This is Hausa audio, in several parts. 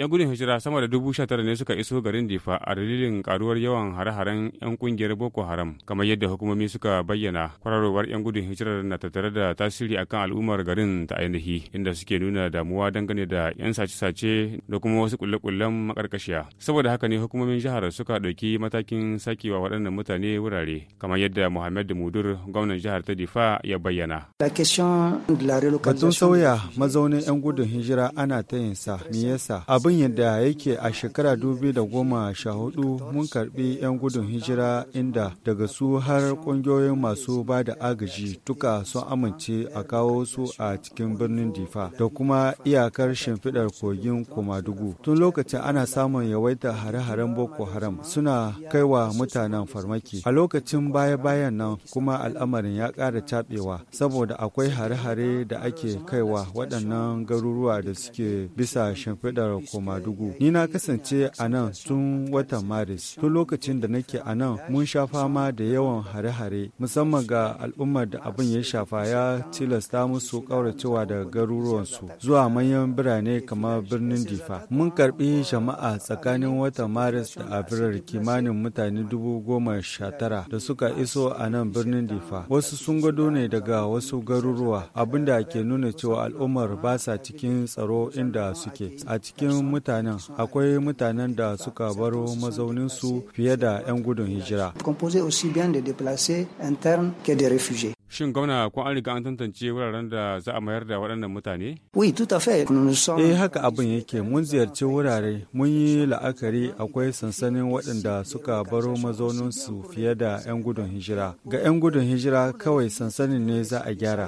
'Yan gudun hijira sama da dubu sha tara ne suka iso garin Difa a dalilin karuwar yawan hare-haren 'yan kungiyar Boko Haram, kamar yadda hukumomi suka bayyana kwararowar 'yan gudun hijirar na tattare da tasiri akan al'ummar garin ta ainihi, inda suke nuna damuwa dangane da 'yan sace-sace da kuma wasu kulle-kullen makarkashiya. Saboda haka ne hukumomin jihar suka ɗauki matakin sakewa waɗannan mutane wurare, kamar yadda Muhammad Mudur, gwamnan jihar ta Difa ya bayyana. Batun sauya mazaunin 'yan gudun hijira ana ta yin sa, me yasa? Abin Abin yadda yake a shekara goma sha hudu mun karbi 'yan gudun hijira inda daga su har kungiyoyin masu ba da agaji duka sun amince a kawo su a cikin birnin Difa da kuma iyakar shimfidar kogin Kumadugu. Tun lokacin ana samun yawaita hare-haren Boko Haram suna kaiwa mutanen farmaki. A lokacin baya-bayan nan kuma al'amarin ya ƙara caɓewa saboda akwai hare-hare da ake kaiwa waɗannan garuruwa da suke bisa shimfidar Komadugu. Ni na kasance a nan tun watan Maris. Tun lokacin da nake a nan mun sha fama da yawan hare-hare musamman ga al'ummar da abin ya shafa ya tilasta musu ƙauracewa daga garuruwansu zuwa manyan birane kamar birnin Difa. Mun karɓi jama'a tsakanin watan Maris da Afirar kimanin mutane dubu goma sha tara da suka iso a nan birnin Difa. Wasu sun gado ne daga wasu garuruwa abinda ke nuna cewa al'ummar ba sa cikin tsaro inda suke. A cikin mutanen akwai mutanen da suka baro mazauninsu fiye da 'yan gudun hijira. Shin gwamna ko an riga an tantance wuraren da za a mayar da waɗannan mutane? e Eh haka abin yake mun ziyarci wurare mun yi la'akari akwai sansanin waɗanda suka baro mazauninsu fiye da 'yan gudun hijira. Ga 'yan gudun hijira kawai sansanin ne za a gyara.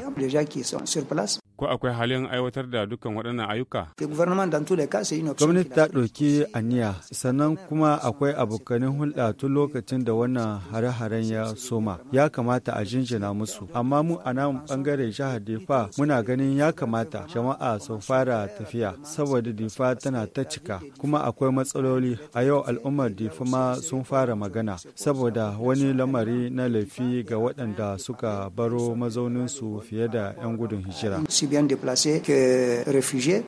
ko akwai halin aiwatar da dukkan waɗannan ayyuka? Gwamnati ta ɗauki aniya sannan kuma akwai abokanin hulɗa tun lokacin da wannan hare-haren ya soma. Ya kamata a jinjina musu. Amma mu a nan jihar Difa muna ganin ya kamata jama'a su fara tafiya saboda Difa tana ta cika kuma akwai matsaloli a yau al'ummar Difa ma sun fara magana saboda wani lamari na laifi ga waɗanda suka baro mazauninsu fiye da 'yan gudun hijira. bien déplacés que réfugiés.